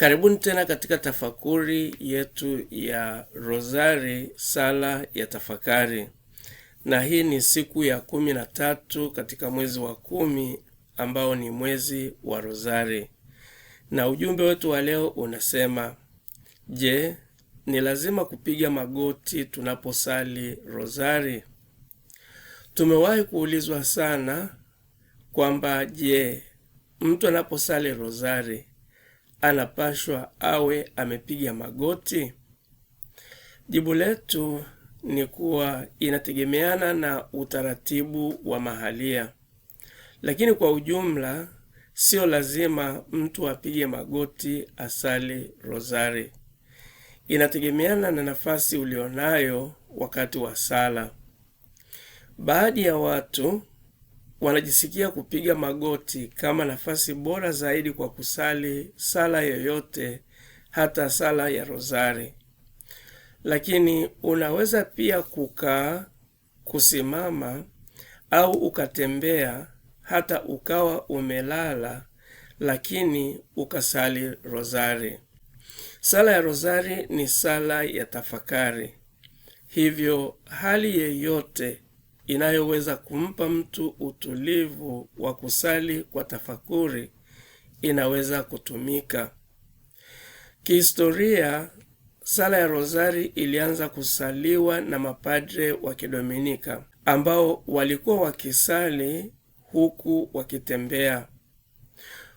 Karibuni tena katika tafakuri yetu ya Rozari, sala ya tafakari, na hii ni siku ya kumi na tatu katika mwezi wa kumi ambao ni mwezi wa Rozari, na ujumbe wetu wa leo unasema: Je, ni lazima kupiga magoti tunaposali Rozari? Tumewahi kuulizwa sana kwamba je, mtu anaposali Rozari anapashwa awe amepiga magoti? Jibu letu ni kuwa inategemeana na utaratibu wa mahalia, lakini kwa ujumla sio lazima mtu apige magoti asali rozari. Inategemeana na nafasi ulionayo wakati wa sala. Baadhi ya watu wanajisikia kupiga magoti kama nafasi bora zaidi kwa kusali sala yoyote, hata sala ya rozari. Lakini unaweza pia kukaa, kusimama au ukatembea, hata ukawa umelala, lakini ukasali rozari. Sala ya rozari ni sala ya tafakari, hivyo hali yeyote inayoweza kumpa mtu utulivu wa kusali kwa tafakuri inaweza kutumika. Kihistoria, sala ya Rozari ilianza kusaliwa na mapadre wa Kidominika ambao walikuwa wakisali huku wakitembea.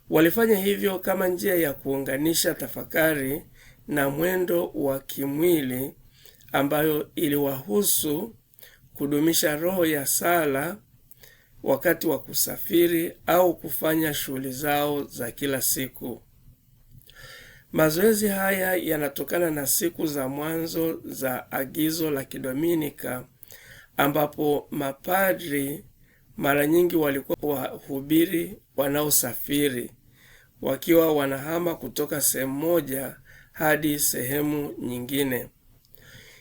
Walifanya hivyo kama njia ya kuunganisha tafakari na mwendo wa kimwili ambayo iliwahusu kudumisha roho ya sala wakati wa kusafiri au kufanya shughuli zao za kila siku. Mazoezi haya yanatokana na siku za mwanzo za agizo la Kidominika, ambapo mapadri mara nyingi walikuwa wahubiri wanaosafiri wakiwa wanahama kutoka sehemu moja hadi sehemu nyingine.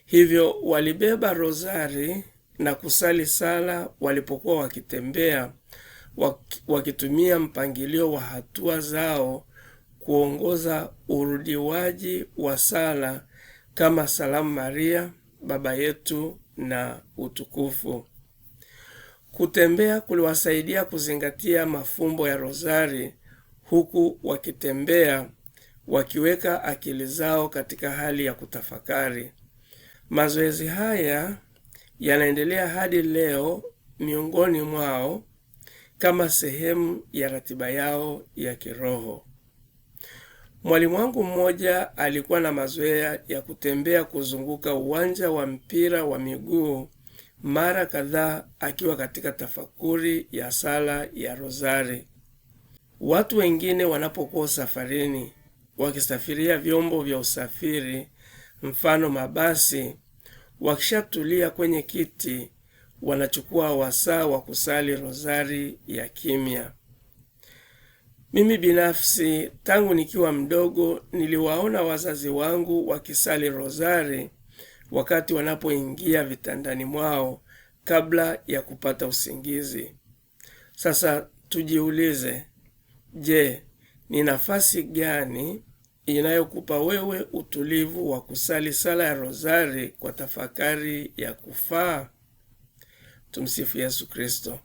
Hivyo walibeba rozari na kusali sala walipokuwa wakitembea, wakitumia mpangilio wa hatua zao kuongoza urudiwaji wa sala kama Salamu Maria, Baba Yetu na Utukufu. Kutembea kuliwasaidia kuzingatia mafumbo ya rozari, huku wakitembea wakiweka akili zao katika hali ya kutafakari. Mazoezi haya yanaendelea hadi leo miongoni mwao kama sehemu ya ratiba yao ya kiroho. Mwalimu wangu mmoja alikuwa na mazoea ya kutembea kuzunguka uwanja wa mpira wa miguu mara kadhaa akiwa katika tafakuri ya sala ya Rozari. Watu wengine wanapokuwa safarini, wakisafiria vyombo vya usafiri, mfano mabasi, Wakishatulia kwenye kiti, wanachukua wasaa wa kusali rozari ya kimya. Mimi binafsi tangu nikiwa mdogo niliwaona wazazi wangu wakisali rozari wakati wanapoingia vitandani mwao kabla ya kupata usingizi. Sasa tujiulize, je, ni nafasi gani inayokupa wewe utulivu wa kusali sala ya rozari kwa tafakari ya kufaa. Tumsifu Yesu Kristo.